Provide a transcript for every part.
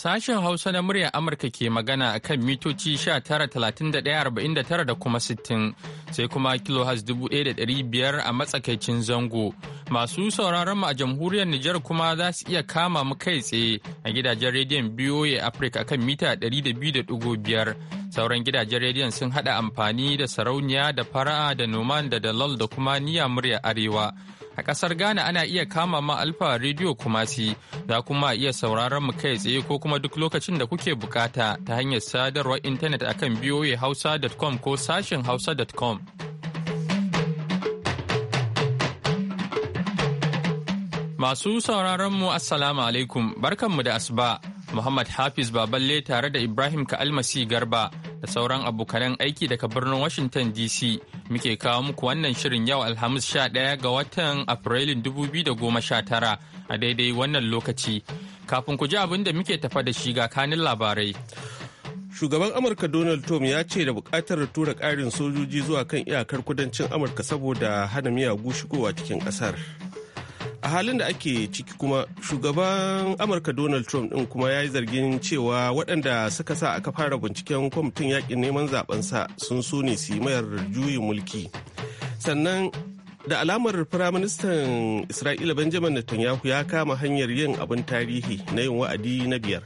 Sashen Hausa na murya Amurka ke magana a kan mitoci 19,31,49 da kuma 60 sai kuma kilohaz 1,500 a matsakaicin zango. Masu sauraron mu a jamhuriyar Nijar kuma za su iya kama mu kai tsaye a gidajen rediyon BOA Africa kan mita 200.5. Sauran gidajen rediyon sun haɗa amfani da sarauniya da fara'a da noman da dalal da kuma niya murya arewa. A ƙasar Ghana ana iya kama ma Alfa Radio Kumasi, za kuma iya sauraron mu kai tsaye ko kuma duk lokacin da kuke bukata ta hanyar sadarwar intanet akan voahausa.com ko sashen hausa.com. Masu sauraron mu Assalamu alaikum, barkanmu da asuba. Muhammad Hafiz Baballe tare da Ibrahim Ka'almasi Garba da sauran abokanan aiki daga birnin Washington DC muke kawo muku wannan shirin yau Alhamis 11 ga watan Afrilun 2019 a daidai wannan lokaci. Kafin ku ji abin da muke tafa da shi ga kanin labarai. Shugaban Amurka Donald Trump ya ce da bukatar tura ƙarin sojoji zuwa kan iyakar kudancin Amurka saboda hana miyagu shigowa cikin ƙasar. a halin da ake ciki kuma shugaban amurka donald trump din kuma ya yi zargin cewa waɗanda suka sa aka fara binciken kwamitin yakin neman sa sun so ne su mayar juyin mulki sannan da alamar firaministan isra'ila benjamin netanyahu ya kama hanyar yin abin tarihi na yin wa'adi na biyar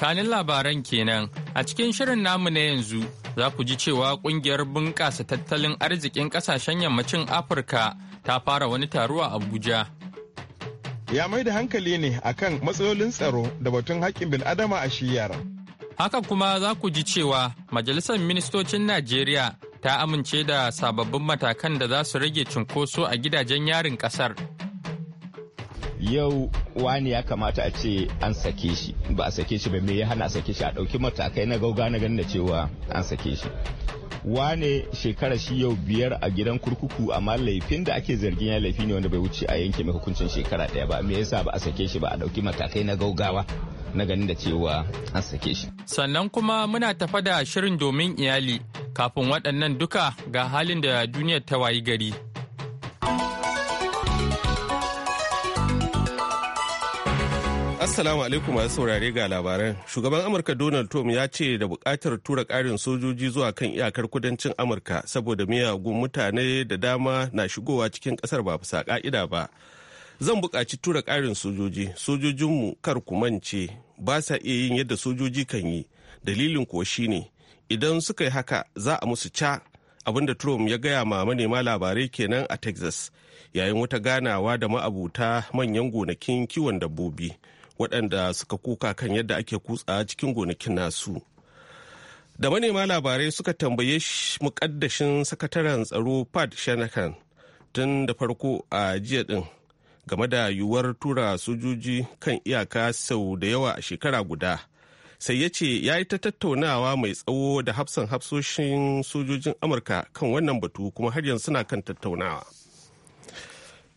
kanin labaran kenan a cikin shirin namu na yanzu za ku ji cewa kungiyar bunƙasa tattalin arzikin ƙasashen yammacin afirka ta fara wani taro a abuja ya mai da hankali ne akan matsalolin tsaro da batun haƙƙin bil'adama a shiyar. haka kuma za ku ji cewa Majalisar Ministocin Najeriya ta amince da sababbin matakan da za su rage cunkoso a gidajen yarin ƙasar. Yau wani ya kamata a ce an sake shi ba a sake shi ba me ya hana a sake shi a ɗauki matakai na gauga na ganin da cewa an sake shi. wane shekara shi yau biyar a gidan kurkuku amma laifin da ake zargin ya laifi ne wanda bai wuce a yanke mai hukuncin shekara daya ba me yasa ba a sake shi ba a ɗauki matakai na gaugawa na ganin da cewa an sake shi sannan kuma muna tafa da shirin domin iyali kafin waɗannan duka ga halin da duniyar ta wayi gari Assalamu alaikum masu saurare ga labaran. Shugaban Amurka Donald Trump ya ce da bukatar tura ƙarin sojoji zuwa kan iyakar kudancin Amurka saboda miyagun mutane da dama na shigowa cikin ƙasar ba bisa ƙa'ida ba. Zan buƙaci tura ƙarin sojoji, sojojinmu kar ku mance ba sa iya yin yadda sojoji kan yi. Dalilin kuwa shi ne idan suka yi haka za a musu ca da Trump ya gaya ma manema labarai kenan a Texas yayin wata ganawa da ma'abuta manyan gonakin kiwon dabbobi. waɗanda suka kuka kan yadda ake kutsa cikin gonakin nasu da manema labarai suka tambaye mukaddashin sakataren tsaro pat shanakan tun da farko a jiya din game da yiwuwar tura sojoji kan iyaka sau da yawa a shekara guda sai ya ce ya yi ta tattaunawa mai tsawo da hafsan hafsoshin sojojin amurka kan wannan batu kuma har yanzu suna kan tattaunawa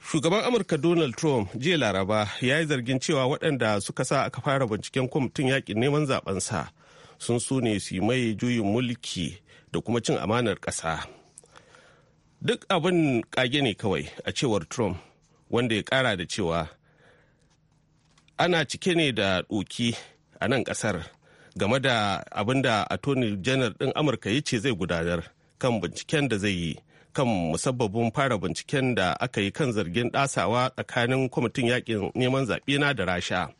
Shugaban Amurka Donald Trump jiya Laraba ya yi zargin cewa waɗanda suka sa aka fara binciken kwamitin yakin neman zabensa sun sune ne su mai juyin mulki da kuma cin amanar ƙasa. Duk abin ƙage ne kawai a cewar Trump wanda ya ƙara da cewa ana cike ne da ɗoki a nan ƙasar game da abin da attorney janar ɗin Amurka ya ce zai gudanar kan binciken da zai yi. kan musabbabin fara binciken da aka yi kan zargin ɗasawa tsakanin kwamitin yakin neman zaɓe na da rasha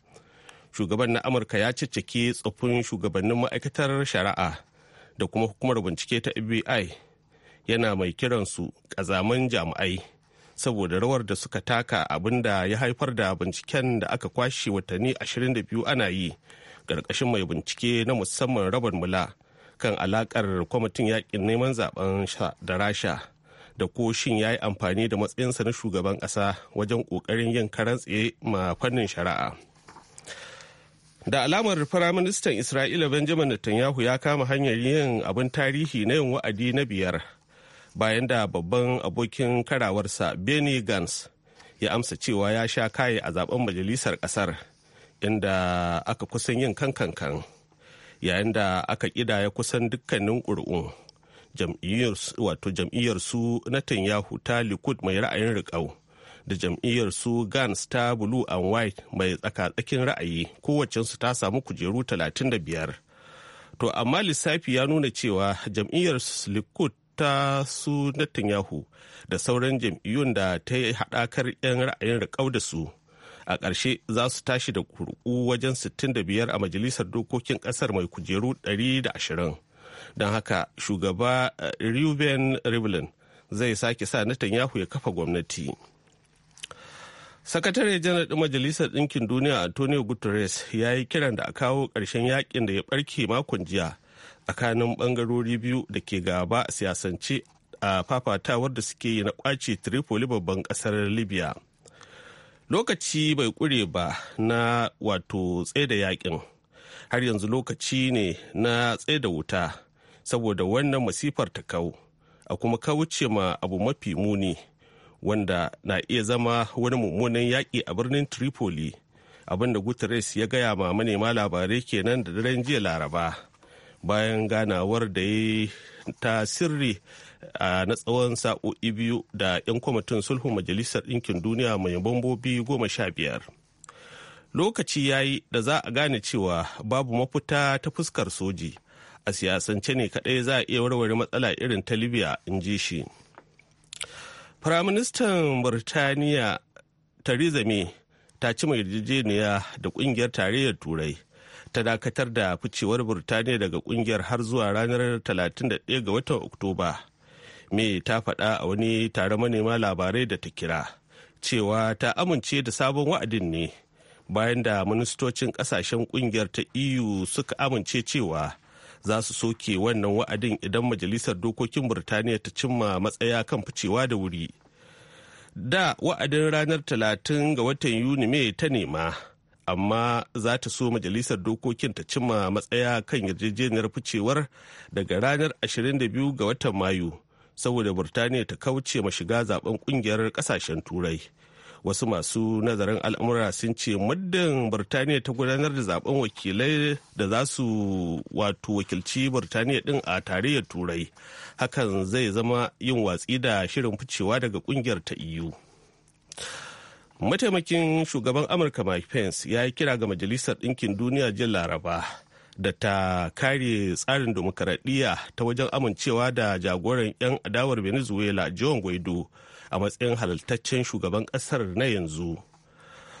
shugaban na amurka ya cicciki tsoffin shugabannin ma'aikatar shari'a da kuma hukumar bincike ta fbi yana mai kiransu ƙazaman jami'ai saboda rawar da suka taka abin da ya haifar da binciken da aka kwashe watanni 22 ana yi ƙarƙashin mai bincike na musamman rabar mula kan alakar kwamitin yakin neman zaben da rasha da ko shin ya yi amfani da matsayinsa na shugaban ƙasa wajen ƙoƙarin yin karan tsaye ma fannin shari'a. Da alamar Firaministan Isra'ila Benjamin Netanyahu ya kama hanyar yin abin tarihi na yin wa'adi na biyar bayan da babban abokin karawarsa Benny Gantz ya amsa cewa ya sha kaye a zaben majalisar ƙasar inda aka kusan yin kankankan yayin da aka ƙidaya kusan dukkanin ƙuri'un. wato na Netanyahu ta Likud mai ra'ayin riƙau da jam'iyyar su Gans ta Blue and White mai tsaka-tsakin ra'ayi su ta samu kujeru 35. To amma lissafi ya nuna cewa jam'iyyar Likud ta su Netanyahu da sauran jam'iyyun da ta yi haɗakar 'yan ra'ayin riƙau da su a ƙarshe za su tashi da kurku wajen 65 a majalisar dokokin ƙasar mai kujeru 120 don haka shugaba eh, reuben rivlin zai sake sa netanyahu ya kafa gwamnati sakatare janar ɗin majalisar ɗinkin duniya antonio guterres ya yi kiran da a kawo ƙarshen yakin da ya ɓarke makon jiya tsakanin ɓangarori biyu da ke gaba a siyasance a fafatawar da suke yi na ƙwace tripoli babban ƙasar libya lokaci bai ƙure ba na wato tsaida yakin har yanzu lokaci ne na tsaida wuta saboda wannan masifar ta kawo a kuma kauce ma abu mafi muni wanda na iya zama wani mummunan yaƙi a birnin tripoli abinda guterres ya gaya ma manema labarai kenan da daren jiya laraba bayan ganawar da ya ta sirri a na tsawon sa'o'i biyu da 'yan kwamitin sulhun majalisar ɗinkin duniya mai bambobi goma sha biyar lokaci ya yi da za a gane cewa babu mafita ta fuskar soji a siyasance ne kaɗai za a iya warware matsala irin ta libya in ji shi firaministan burtaniya theresa may ta ci mai yarjejeniya da ƙungiyar tarayyar turai ta dakatar da ficewar burtaniya daga ƙungiyar har zuwa ranar 31 ga watan oktoba may ta faɗa a wani tare manema labarai da ta kira cewa ta amince da sabon wa'adin ne bayan da ministocin kasashen kungiyar ta eu suka amince cewa za su soke wannan wa'adin idan majalisar dokokin burtaniya ta cimma matsaya kan ficewa da wuri da wa'adin ranar talatin ga watan yuni mai ta nema amma za ta so majalisar dokokin ta cimma matsaya kan yarjejeniyar ficewar daga ranar 22 ga watan mayu saboda burtaniya ta kauce ma shiga zaben kungiyar kasashen turai wasu masu nazarin al'amura sun ce muddin birtaniya ta gudanar da zaben wakilai da za su wato wakilci birtaniya din a tarayyar turai hakan zai zama yin watsi da shirin ficewa daga kungiyar ta eu mataimakin shugaban amurka mike pence ya yi kira ga majalisar ɗinkin duniya jin laraba da ta kare tsarin dimokuraɗiyya ta wajen amincewa da jagoran 'yan adawar venezuela john guaido a matsayin halaltaccen shugaban ƙasar na yanzu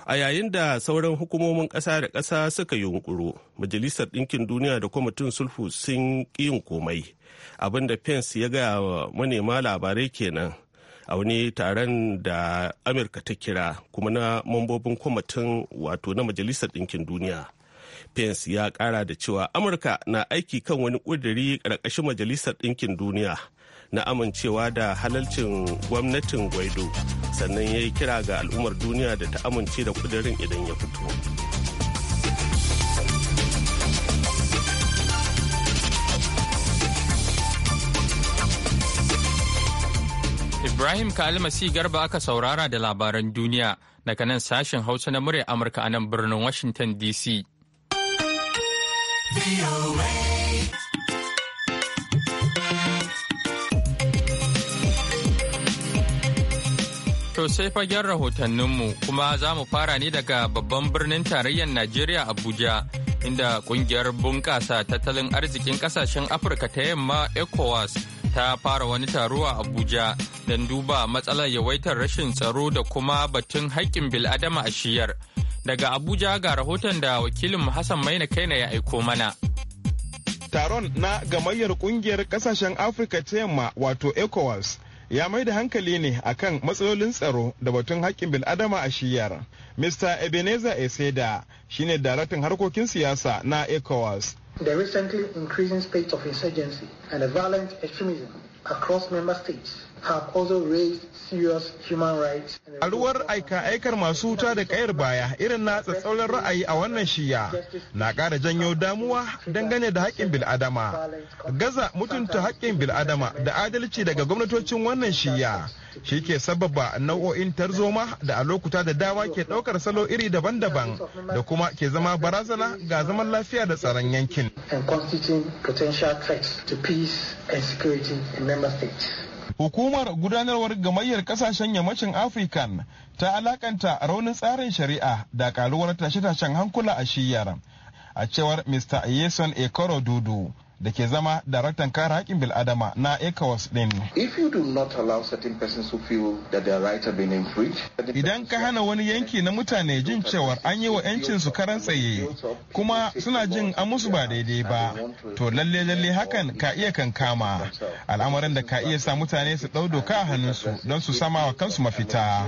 a yayin da sauran hukumomin ƙasa da ƙasa suka yunkuro majalisar ɗinkin duniya da kwamitin sulhu sun yin komai abin da pence ya gaya wa manema labarai kenan a wani taron da amurka ta kira kuma na mambobin kwamitin wato na majalisar ɗinkin duniya pence ya ƙara da cewa amurka na aiki kan wani ƙudiri ƙarƙashin majalisar ɗinkin duniya na amincewa da halalcin gwamnatin Guaido sannan ya yi kira ga al'ummar duniya da ta amince da kudirin idan ya fito. Ibrahim Kalmasi Garba aka saurara da labaran duniya daga nan sashen Hausa na murya Amurka a nan birnin Washington DC. To sai fagen rahotanninmu kuma za mu fara ne daga babban birnin tarayyar Najeriya Abuja inda kungiyar bunƙasa tattalin arzikin ƙasashen Afirka ta yamma ECOWAS ta fara wani taro a Abuja don duba matsalar yawaitar rashin tsaro da kuma batun haƙƙin bil'adama a shiyar. Daga Abuja ga rahoton da wakilin Hassan Maina Kaina ya aiko mana. Taron na gamayyar kungiyar ƙasashen Afirka ta yamma wato ECOWAS ya mai da hankali ne akan matsalolin tsaro da batun haƙƙin bil'adama a shiyar. Mr. Ebenezer Eseda shine daraktan harkokin siyasa na ECOWAS. The recently increasing state of insurgency and violent extremism across member states have also human rights. alwar aika-aikar masu wuta da kayar baya irin na tsatsauran ra'ayi a wannan shiya na kara janyo damuwa dangane da haƙƙin bil'adama. Gaza mutunta haƙƙin bil'adama da adalci daga gwamnatocin wannan shiya. shi ke sababa nau'o'in tarzoma da a lokuta da dawa ke ɗaukar salo iri daban-daban da kuma ke zama barazana ga zaman lafiya da tsaron yankin. and constituting potential threats to peace and security in member states. Hukumar gudanarwar gamayyar kasashen yammacin Afirkan ta alakanta raunin tsarin shari'a da karuwar tashe-tashen hankula a shiyar. A cewar Mr. Yeson Ekoro Dudu, da ke zama daraktan kare haƙƙin bil'adama na ECOWAS din. Idan ka hana wani yanki na mutane jin cewar an yi wa 'yancin su karan tsaye kuma suna jin an musu ba daidai ba, to lalle lalle hakan ka iya kan kama al'amarin da ka iya sa mutane su ɗau doka a hannunsu don su sama wa kansu mafita.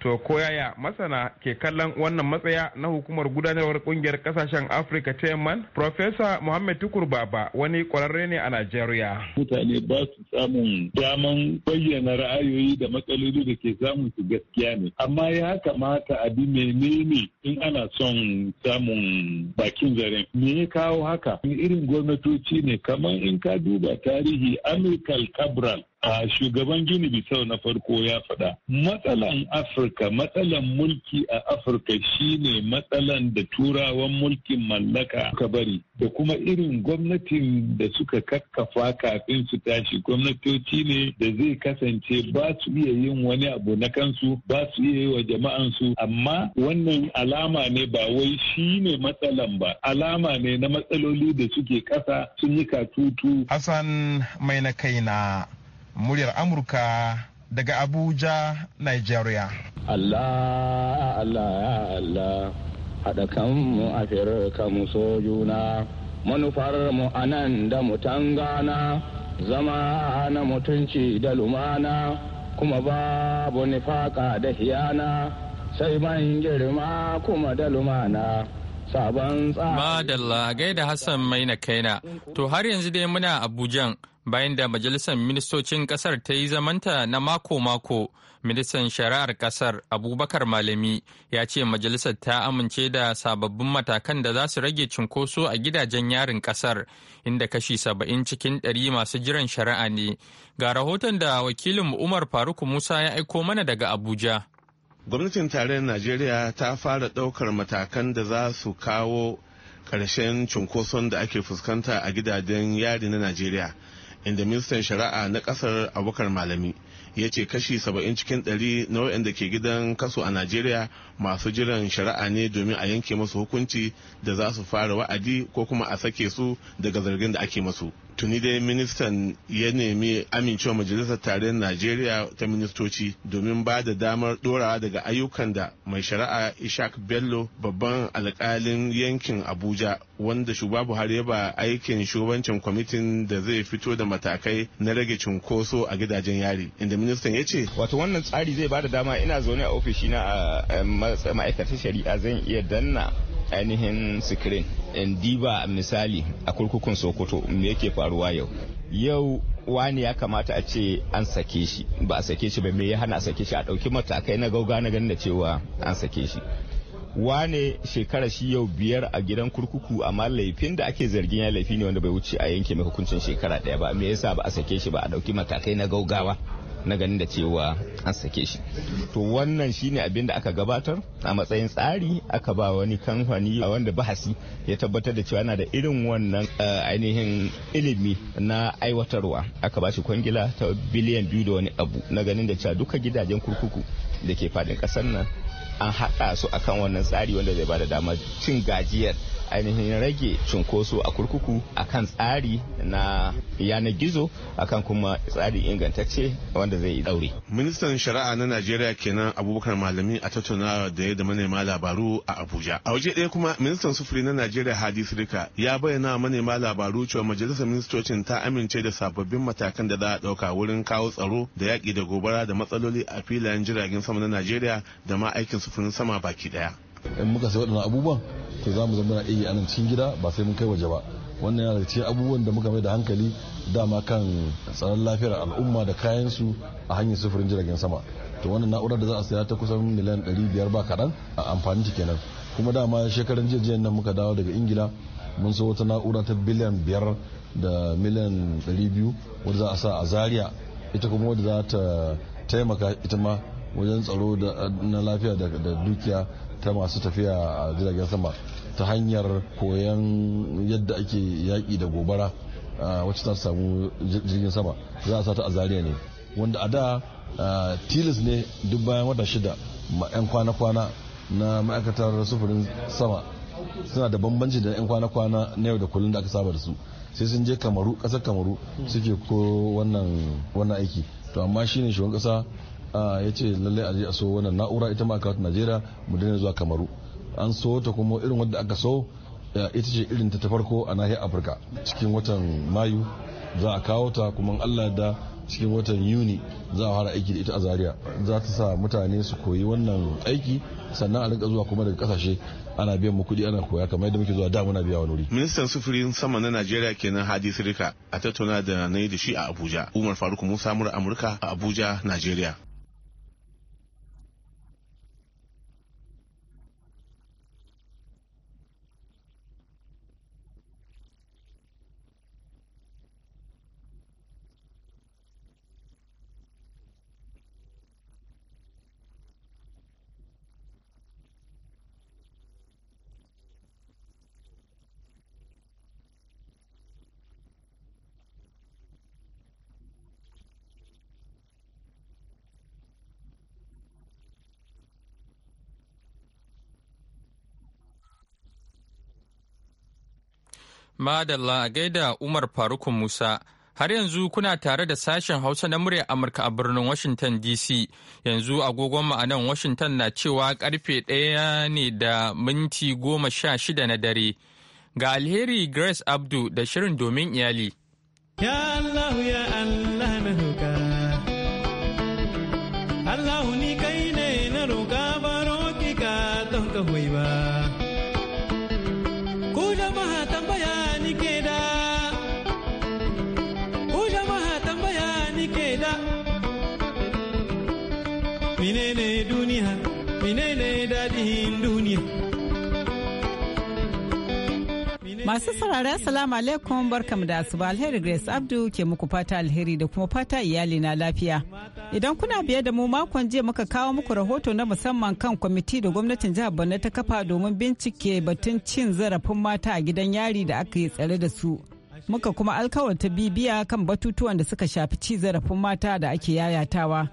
To koyaya masana ke kallon wannan matsayin Korea na hukumar gudanarwar kungiyar kasashen Afirka ta Yamman, Profesa muhammed Tukur Baba wani kwararre ne a Najeriya. Mutane ba su samun daman bayyana ra'ayoyi da matsaloli da ke samun su gaskiya ne. Amma ya kamata a bi menene in ana son samun bakin zare Me ya kawo haka? Irin gwamnatoci ne kamar in ka duba tarihi Amilcar Cabral a shugaban gini bisau na farko ya faɗa matsalan afirka matsalan mulki a afirka shine matsalan da turawan mulkin mallaka ka bari da kuma irin gwamnatin da suka kakkafa kafin su tashi gwamnatoci ne da zai kasance ba su iya yin wani abu na kansu ba su iya yi wa jama'ansu amma wannan alama ne ba wai shine matsalan ba alama ne na matsaloli da suke ƙasa sun yi katutu hassan mai na kaina muryar Amurka daga Abuja, Nigeria. Allah, Allah, ya Allah, haɗa kanmu a kanmu so juna, manufarmu a nan da mutan gana, zama na mutunci da lumana, kuma babu nifaka da hiyana, sai ban girma kuma da lumana. Sabon tsari. Madalla gaida Hassan na Kaina, to har yanzu dai muna Abujan. bayan da majalisar ministocin kasar ta yi zamanta na mako-mako ministan shari'ar kasar abubakar malami ya ce majalisar ta amince da sababbin matakan da za su rage cinkoso a gidajen yarin kasar inda kashi saba'in cikin ɗari masu jiran shari'a ne ga rahoton da wakilin umar faruk musa ya aiko mana daga abuja gwamnatin tarayyar najeriya ta fara ɗaukar matakan da za su kawo ƙarshen cunkoson da ake fuskanta a gidajen yari na najeriya inda ministan shari'a na kasar abokan malami ya ce kashi 70 cikin 100 na waɗanda ke gidan kaso a najeriya masu jiran shari'a ne domin a yanke musu hukunci da za su fara wa'adi ko kuma a sake su daga zargin da ake masu tuni dai ministan ya nemi amincewa majalisar tarayyar najeriya ta ministoci domin ba da damar dorawa daga ayyukan da mai shari'a ishak bello babban alkalin yankin abuja wanda shugaba buhari ya ba aikin shugabancin kwamitin da zai fito da matakai na rage cunkoso a gidajen yari inda ministan ya ce wato wannan tsari zai ba da dama ina zaune a ofishina a ma'aikatar shari'a zan iya danna ainihin sikirin diba misali a kurkukun sokoto me yake faruwa yau yau wani ya kamata a ce an sake shi ba a sake shi ba me ya hana sake shi a ɗauki matakai na gauga na ganin da cewa an sake shi wane shekara shi yau biyar a gidan kurkuku amma laifin da ake zargin ya laifi ne wanda bai wuce a yanke mai hukuncin shekara ɗaya ba me yasa ba a sake shi ba a ɗauki matakai na gaugawa na ganin da cewa an sake shi to wannan shine abin da aka gabatar a matsayin tsari aka ba wani kamfani wanda bahasi ya tabbatar da cewa yana da irin wannan eh, ainihin ilimi na aiwatarwa aka ba shi kwangila ta biliyan biyu da wani abu na ganin da cewa duka gidajen kurkuku da ke fadin kasar nan an haɗa su akan wannan tsari wanda zai ba da damar cin gajiyar ainihin rage cunkoso a kurkuku akan tsari na yanar gizo akan kuma tsari ingantacce wanda zai yi daure. Ministan Shari'a na Najeriya kenan Abubakar Malami a tattaunawa da ya da manema labaru a Abuja. A waje ɗaya kuma ministan sufuri na Najeriya Hadi Sirika ya bayyana manema labaru cewa majalisar ministocin ta amince da sababbin matakan da za a ɗauka wurin kawo tsaro da yaƙi da gobara da matsaloli a filayen jiragen sama na Najeriya da ma aikin sufurin sama baki ɗaya. in muka sai waɗannan abubuwan to za mu zama iya anan cikin gida ba sai mun kai waje ba wannan yana daga abubuwan da muka mai da hankali dama kan tsaron lafiyar al'umma da kayan su a hanyar sufurin jiragen sama to wannan na'urar da za a saya ta kusan miliyan 500 ba kaɗan a amfani ta kenan kuma dama shekaran jiya nan muka dawo daga ingila mun so wata na'ura ta biliyan 5 da miliyan 200 wadda za a sa a zaria ita kuma wadda za ta taimaka ita ma wajen tsaro na lafiya da dukiya ta masu tafiya a jiragen sama ta hanyar koyon yadda ake yaƙi da gobara wacce ta samu jirgin sama za a sata a zaria ne wanda a da tilis ne duk bayan wata shida ma 'yan kwana-kwana na ma'aikatar sufurin sama suna da bambanci da 'yan kwana-kwana na yau da kullum da aka saba da su sai sun je kamaru ƙasar kamaru suke ko wannan aiki to amma shine shugaban ƙasa ya ce lallai je a so wannan na'ura ita ma kawo najeriya mu daina zuwa kamaru an so ta kuma irin wadda aka so ita ce irin ta farko a nahiyar afirka cikin watan mayu za a kawo ta kuma allah da cikin watan yuni za a fara aiki da ita a Zariya za ta sa mutane su koyi wannan aiki sannan a rinka zuwa kuma daga kasashe ana biyan mu kuɗi ana koya kamar yadda muke zuwa da muna biya wani wuri. ministan sufurin sama na najeriya kenan hadi sirika a tattauna da na yi da shi a abuja umar faruk musa mura amurka a abuja najeriya. Madalla a gaida Umar Faruk Musa. Har yanzu kuna tare da sashen Hausa na murya Amurka a birnin Washington DC. Yanzu agogon ma'anan Washington na cewa karfe ɗaya ne da minti goma sha shida na dare. Ga alheri Grace Abdu da shirin domin iyali. Ya Allah ya Allah. nike da ku jama'a tambaya Masu saurari Assalamu alaikum barkamu da asuba alheri Grace Abdu ke muku fata alheri da kuma fata iyali na lafiya. Idan kuna biye da mu makon jiya muka kawo muku rahoto na musamman kan kwamiti da gwamnatin jihar Borno ta kafa domin bincike batun cin zarafin mata a gidan yari da aka yi tsare da su. Muka kuma alkawarta bibiya kan batutuwan da suka shafi ci zarafin mata da ake yayatawa.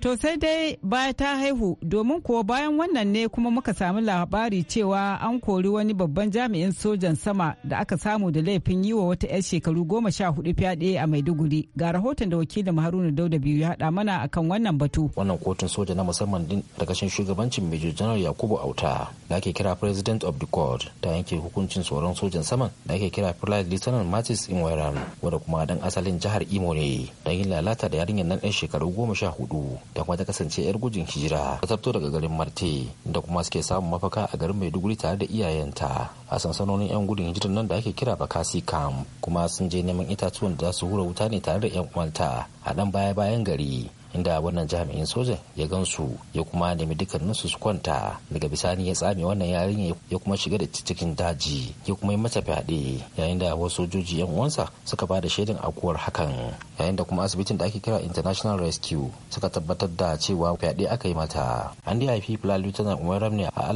To sai dai baya ta haihu domin kuwa bayan wannan ne kuma muka samu labari cewa an kori wani babban jami'in sojan sama da aka samu da laifin yi wa wata 'yar shekaru goma sha hudu fyaɗe a Maiduguri. Ga rahoton da wakilin Haruna Dauda biyu ya haɗa mana akan wannan batu. Wannan kotun soja na musamman din da kashin shugabancin Major General Yakubu Auta da ake kira President of the Court ta yanke hukuncin tsoron sojan saman da ake kira Flight Lieutenant Matis Inwairan wanda kuma dan asalin jihar Imo ne don yin lalata da yarinyar nan 'yan shekaru goma sha hudu. da kuma ta kasance 'yar gujin hijira ta fito daga garin marte da kuma suke samun mafaka a garin maiduguri tare da iyayenta a sansanonin 'yan gudun hijirar nan da ake kira bakasi camp kuma sun je neman itatuwan da za su hura wuta ne tare da 'yan uwanta a dan baya bayan gari inda wannan jami'in sojan ya gansu ya kuma nemi dukkaninsu su su kwanta daga bisani ya tsame wannan yarinya ya kuma shiga da cikin daji ya kuma yi mata fyaɗe yayin da wasu sojoji yan uwansa suka ba da shaidan akuwar hakan yayin da kuma asibitin da ake kira international rescue suka tabbatar da cewa fyaɗe aka yi mata an da haifi fulani umar ramne a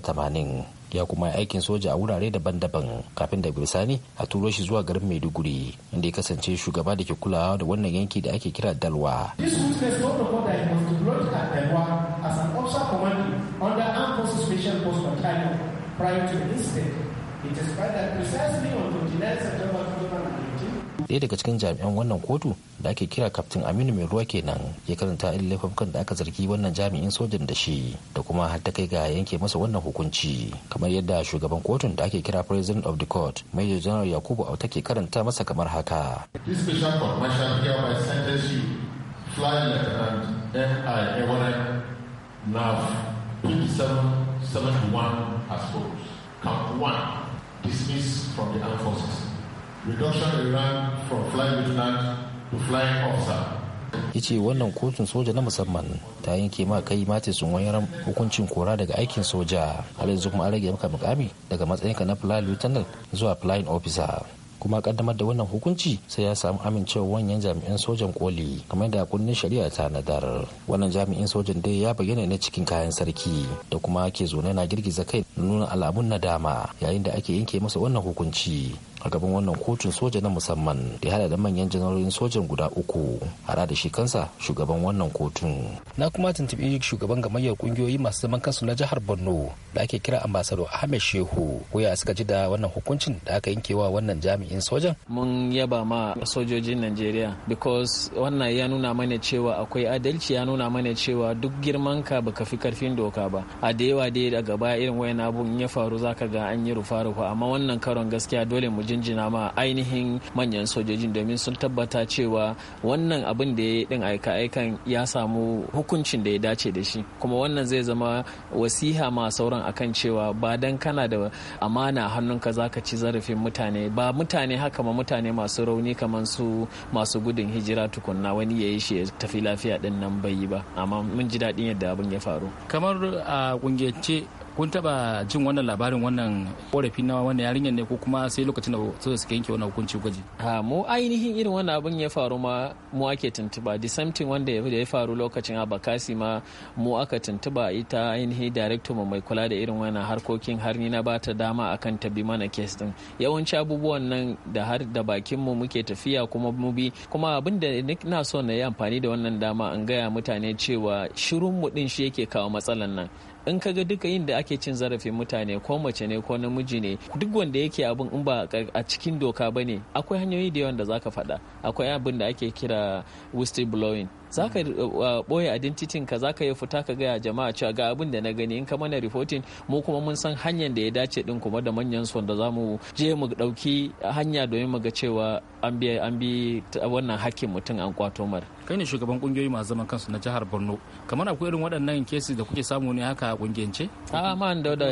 tamanin. ya kuma yi aikin soja a wurare daban-daban kafin da bisani a turo shi zuwa garin maiduguri inda ya kasance shugaba da ke kulawa da wannan yanki da ake kira dalwa prior to the incident. It is by that precisely on 29 September 2019, ɗaya daga cikin jami'an wannan kotu da ake kira kaftin aminu mai ruwa kenan ya karanta irin laifukan da aka zargi wannan jami'in sojan da shi da kuma har ta kai ga yanke masa wannan hukunci kamar yadda shugaban kotun da ake kira president of the court major general yakubu ta ke karanta masa kamar haka this 2771 as follows. Count 1. Dismiss from the armed forces. reduction in rank from flying lieutenant to flying officer ya ce wannan kotun soja na musamman ta yanke ma kai mati sun wayaran hukuncin kora daga aikin soja har yanzu kuma an rage maka mukami daga matsayinka na fly lieutenant zuwa flying officer kuma kaddamar da wannan hukunci sai ya samu amincewa wanyan jami'an sojan koli kamar da kunnen shari'a ta nadar wannan jami'in sojan dai ya bayyana ne cikin kayan sarki da kuma ke zo na girgiza kai nuna alamun nadama yayin da ake yanke masa wannan hukunci a gaban wannan kotun soja na musamman da hada da manyan janarorin sojan guda uku hada da shi kansa shugaban wannan kotun na kuma tuntubi shugaban gamayyar kungiyoyi masu zaman kansu na jihar borno da ake kira ambasado ahmed shehu ko ya suka ji da wannan hukuncin da aka yanke wa wannan jami'in sojan mun yaba ma sojojin najeriya because wannan ya nuna mana cewa akwai adalci ya nuna mana cewa duk girman ka baka fi karfin doka ba a da yawa dai daga baya irin wayan abun ya faru zaka ga an yi rufa rufa amma wannan karon gaskiya dole mu ji jinjina ma ainihin manyan sojojin domin sun tabbata cewa wannan abin da ya yi din aika-aikan ya samu hukuncin da ya dace da shi kuma wannan zai zama wasiha ma sauran akan cewa ba dan kana da amana hannunka za ka ci zarafin mutane ba mutane haka ma mutane masu rauni kamar su masu gudun hijira tukunna wani ya yi shi ya tafi lafiya din nan bai yi ba amma mun ji daɗin yadda abin ya faru kamar a kungiyance kun taba jin wannan labarin wannan korafi na wannan yarinyar ne ko kuma sai lokacin da suka suka yanke wannan hukunci gwaji ha mu ainihin irin wannan abin ya faru ma mu ake tuntuba the same thing wanda ya faru lokacin abakasi ma mu aka tuntuba ita ainihin director mai kula da irin wannan harkokin har ni na ba dama akan ta bi mana case din yawanci abubuwan nan da har da bakin mu muke tafiya kuma mu bi kuma abin da na so na yi amfani da wannan dama an gaya mutane cewa shirun mu din shi yake kawo matsalan nan in ka ga duka yin da ake cin zarafin mutane ko mace ne ko namiji ne duk wanda yake abin in ba a cikin doka ba ne akwai hanyoyi da yawan da zaka faɗa akwai abin da ake kira whistleblowing blowing za ka uh, ɓoye identity ka za ka yi fita ka gaya jama'a cewa ga abin da na gani in ka mana reporting mu kuma mun san hanyar da ya dace din kuma da manyan su wanda za mu je mu ɗauki hanya domin mu ga cewa an bi an wannan hakkin mutum an kwato mar kai ne shugaban kungiyoyi masu zaman kansu na jihar Borno kamar akwai irin waɗannan kesi da kuke samu ne haka a kungiyance a man da da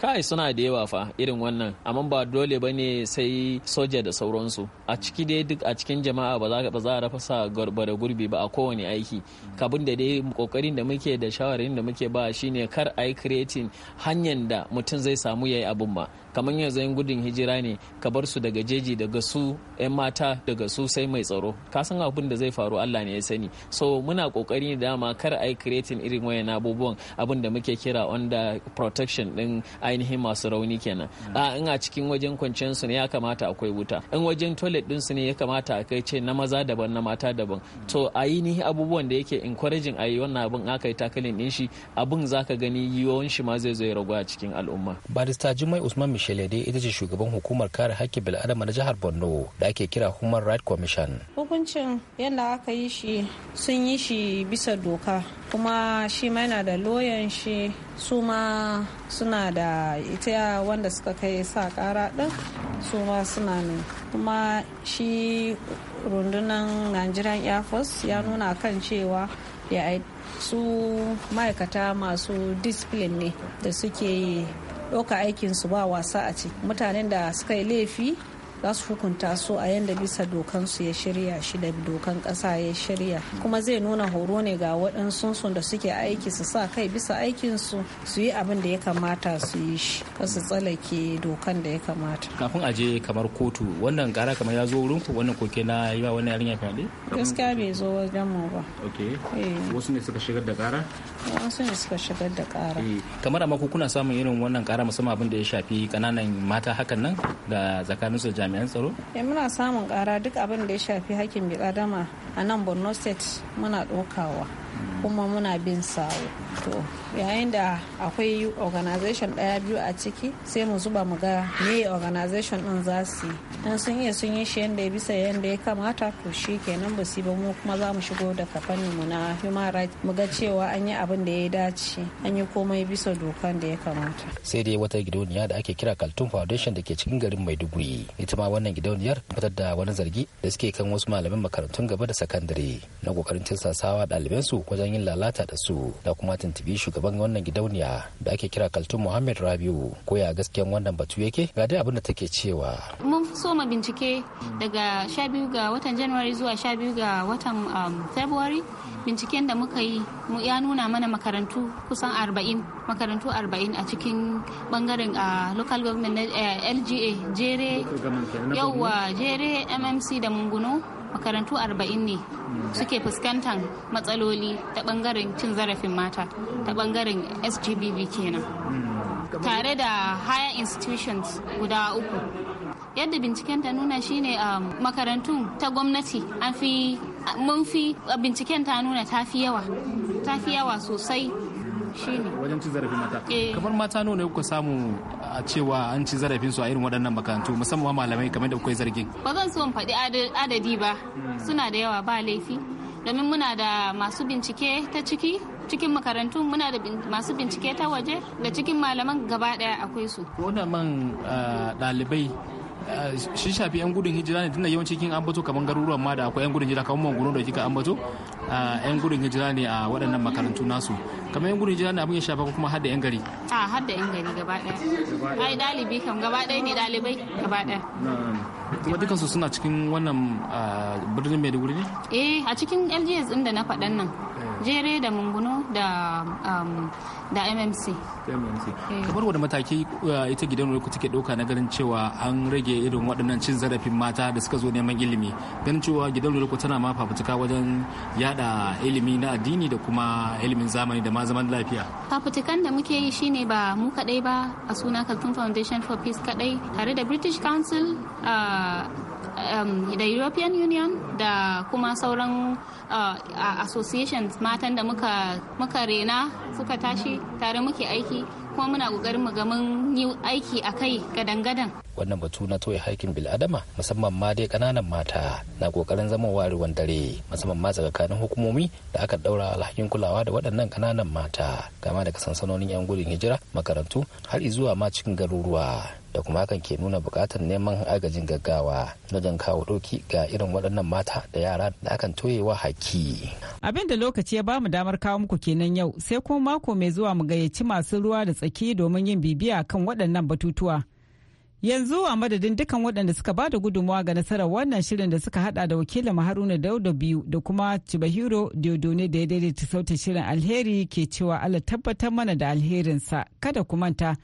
kai suna da yawa fa irin wannan amma ba dole ne sai soja da sauransu a ciki dai duk a cikin jama'a ba za ba za a rafa sa gurbi ba a kowane aiki kabin da dai kokarin da muke da shawarin da muke ba shine kar ai creating hanyar da mutum zai samu yayi abun ba kamar yanzu yin gudun hijira ne ka bar su daga jeji daga su yan mata daga su sai mai tsaro ka san abin da zai faru Allah ne ya sani so muna kokari dama kar ai creating irin wayan abubuwan abin da muke kira under protection din ainihin masu rauni kenan mm. a ah, in a cikin wajen kwanciyar su ne ya kamata akwai wuta in wajen toilet din su ne ya kamata a kai ce na maza daban na mata daban mm. to ainihin abubuwan da yake encouraging ayi wannan abin aka yi takalin din shi abin zaka gani yiwuwan shi ma zai zo ya ragu a cikin al'umma barista jimai usman Shelede ita ce shugaban hukumar kare hakkin bil'adama na jihar Borno da ake kira Human Rights Commission. Hukuncin yadda aka yi shi sun yi shi bisa doka kuma shi ma yana da loyan shi su ma suna da ita wanda suka kai sa kara din su ma suna ne kuma shi rundunan Nigerian Air Force ya nuna kan cewa ya su ma'aikata masu discipline ne da suke yi ɗauka aikinsu ba wasa a ce mutanen da suka yi laifi za su hukunta su a yadda bisa dokansu ya shirya shi da dokan ƙasa ya shirya kuma zai nuna horo ne ga waɗansu da suke aiki su sa kai bisa aikinsu su yi abin da ya kamata su yi shi su tsalake dokan da ya kamata kafin aje kamar kotu wannan ƙara kamar ya zo wurinku wannan koke na yi wa wannan yarinya fyaɗe gaskiya bai zo wajen mu ba eh. wasu ne suka shigar da ƙara wasu ne suka shigar da ƙara eh. kamar amma kuna samun irin wannan ƙara musamman abin da ya shafi ƙananan mata hakan nan da tsakaninsu da jami'an tsaro? Eh muna samun kara duk abin da ya shafi hakkin bi'adama a nan Borno State muna ɗaukawa. kuma muna bin sawo to yayin da akwai organization daya biyu a ciki sai mu zuba mu ga me organization din za su yi sun iya sun yi shi yadda ya bisa yadda ya kamata to shi kenan ba su ba mu kuma za mu shigo da kafanin mu na human rights mu ga cewa an yi abin da ya dace an yi komai bisa dokan da ya kamata sai dai wata gidauniya da ake kira kaltun foundation da ke cikin garin maiduguri ita ma wannan gidauniyar fitar da wani zargi da suke kan wasu malaman makarantun gaba da sakandare na kokarin tirsasawa ɗalibansu wajen yin lalata da su da kuma tuntubi shugaban wannan gidauniya da ake kira kaltun muhammad rabiu ko ya gaskiyan wannan batu yake ga dai abin da take cewa mun soma bincike daga 12 ga watan january zuwa 12 ga watan um, february binciken da muka yi ya nuna mana makarantu kusan 40 makarantu 40 a cikin bangaren a uh, local government eh, lga jere yauwa jere mmc da munguno makarantu 40 ne suke fuskantar matsaloli ta bangaren cin zarafin mata ta bangaren sgbb kenan tare da higher institutions guda uku yadda binciken ta nuna shine a um, makarantu ta gwamnati an fi mun fi binciken ta nuna ta fi yawa sosai wajen ci zarafin mata eh. kamar mata nawa ne kuka samu a cewa an ci zarafin su a irin waɗannan makarantu musamman malamai kamar da kuka yi zargin ba zan so in faɗi adadi ba hmm. suna da yawa ba laifi domin muna da masu bincike ta ciki cikin makarantu muna da masu bincike ta waje da cikin malaman gaba daya akwai su wannan man ah, ɗalibai ah, shi shafi yan gudun hijira ne tunda yawanci kin ambato kamar garuruwan ma da akwai yan gudun hijira kamar manguno da kika ambato yan gudun hijira ne a waɗannan makarantu nasu kamar yan gudun hijira ne abin ya shafa kuma har da yan gari a har da yan gari gaba ɗaya ai dalibi kam gaba ɗaya ne dalibai gaba ɗaya kuma su suna cikin wannan birnin maiduguri ne eh a cikin lgs ɗin da na faɗan nan jere da mungunu da um, da mmc eh. kamar wadda mataki uh, ita gidan ku take dauka na ganin cewa an rage irin waɗannan cin zarafin mata da suka zo neman ilimi ganin cewa gidan ku tana ma fafutuka wajen yada ilimi na addini da kuma ilimin zamani da ma zaman lafiya fafutukan da muke yi shine ba mu kadai ba a suna kaltun foundation for peace kadai tare da british council uh, da um, european union da kuma sauran uh, associations matan da muka rena suka tashi tare muke aiki kuma muna kokarin mu ga mun yi aiki a kai gadan-gadan. Wannan batu na toye harkin bil'adama musamman ma dai kananan mata na kokarin zaman warewan dare musamman ma tsakanin hukumomi da aka daura alhakin kulawa da waɗannan kananan mata kama daga sansanonin 'yan gudun hijira makarantu har zuwa ma cikin garuruwa. da kuma hakan ke nuna bukatar neman agajin gaggawa na jan kawo doki ga irin waɗannan mata da yara da akan toyewa haki. Abin da lokaci ya bamu damar kawo muku kenan yau sai kuma mako mai zuwa mu gayyaci masu ruwa da tsaki domin yin bibiya kan waɗannan batutuwa. Yanzu a madadin dukkan waɗanda suka ba da gudunmawa ga nasarar wannan shirin da suka hada da wakilin Haruna Dauda biyu da kuma Chibahiro Diodone da ya daidaita sautin shirin alheri ke cewa Allah tabbatar mana da alherinsa kada ku manta.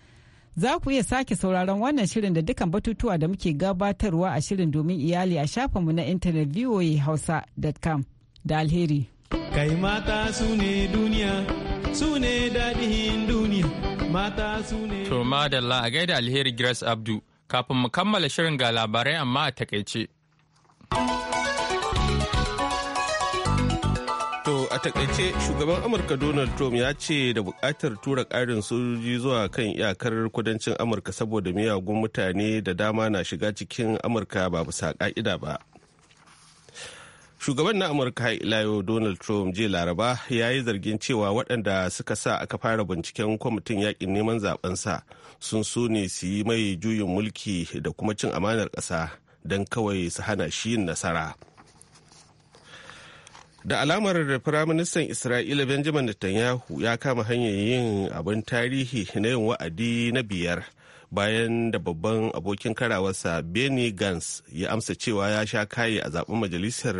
Za ku iya sake sauraron wannan shirin da dukkan batutuwa da muke gabatarwa a shirin domin iyali a shafinmu na intanet hausa.com da alheri. Kai mata su ne duniya, su ne daɗin duniya, mata su ne... To madalla a gaida alheri Grace Abdu, kafin mu kammala shirin ga labarai amma a takaice. takaice shugaban amurka donald trump ya ce da bukatar tura karin sojoji zuwa kan iyakar kudancin amurka saboda miyagun mutane da dama na shiga cikin amurka ba bisa ka'ida ba shugaban na amurka ilayo donald trump jiya laraba ya yi zargin cewa waɗanda suka sa aka fara binciken kwamitin yakin neman zabensa sun so ne su yi mai juyin mulki da kuma cin amanar ƙasa don kawai su hana shi yin nasara. da alamar firaministan isra'ila benjamin netanyahu ya kama hanyar yin abin tarihi na yin wa'adi na biyar bayan da babban abokin karawarsa benny gans ya amsa cewa ya sha kaye a zaben majalisar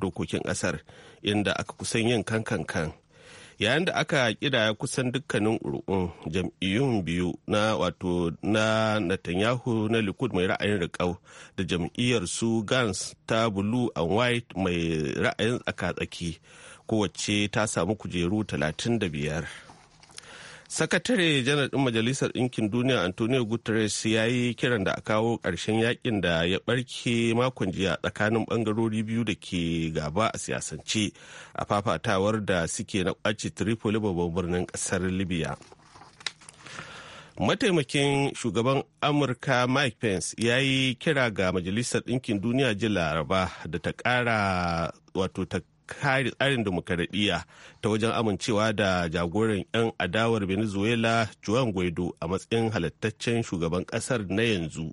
dokokin kasar inda aka kusan yin kankan kan yayin da aka kira kusan dukkanin ur'un jam'iyyun biyu na wato na netanyahu na likud mai ra'ayin riƙau da jam'iyyar su gans ta blue and white mai ra'ayin tsaka-tsaki kowace ta samu kujeru 35 sakatare janar ɗin majalisar ɗinkin duniya antonio guterres ya yi kiran da a kawo ƙarshen yakin da ya barke makon jiya tsakanin ɓangarori biyu da ke gaba a siyasance a fafatawar da suke na ƙwace tripoli babban birnin ƙasar libya mataimakin shugaban amurka mike pence ya yi kira ga majalisar ɗinkin duniya jin laraba da ta ƙara wato ta kare tsarin demokaradiyya ta wajen amincewa da jagoran 'yan adawar venezuela juan guaido a matsayin halittaccen shugaban kasar na yanzu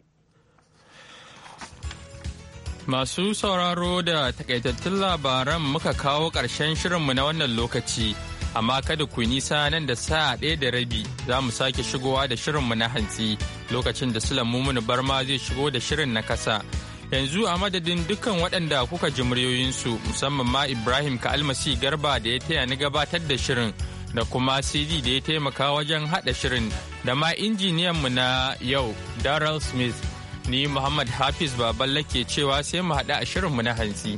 masu sauraro da takaitattun labaran muka kawo ƙarshen shirinmu na wannan lokaci amma kada ku nisa nan da sa'a ɗaya da rabi za mu sake shigowa da shirinmu na hantsi lokacin da sulamumun barma zai shigo da shirin na kasa yanzu a madadin dukkan waɗanda kuka ji muryoyinsu musamman ma ibrahim ka almasi garba da ya taya ni gabatar da shirin da kuma cd da ya taimaka wajen haɗa shirin da ma injiniyanmu na yau daryl smith ni muhammad hafiz baballe ke cewa sai mu haɗa a shirinmu na hantsi.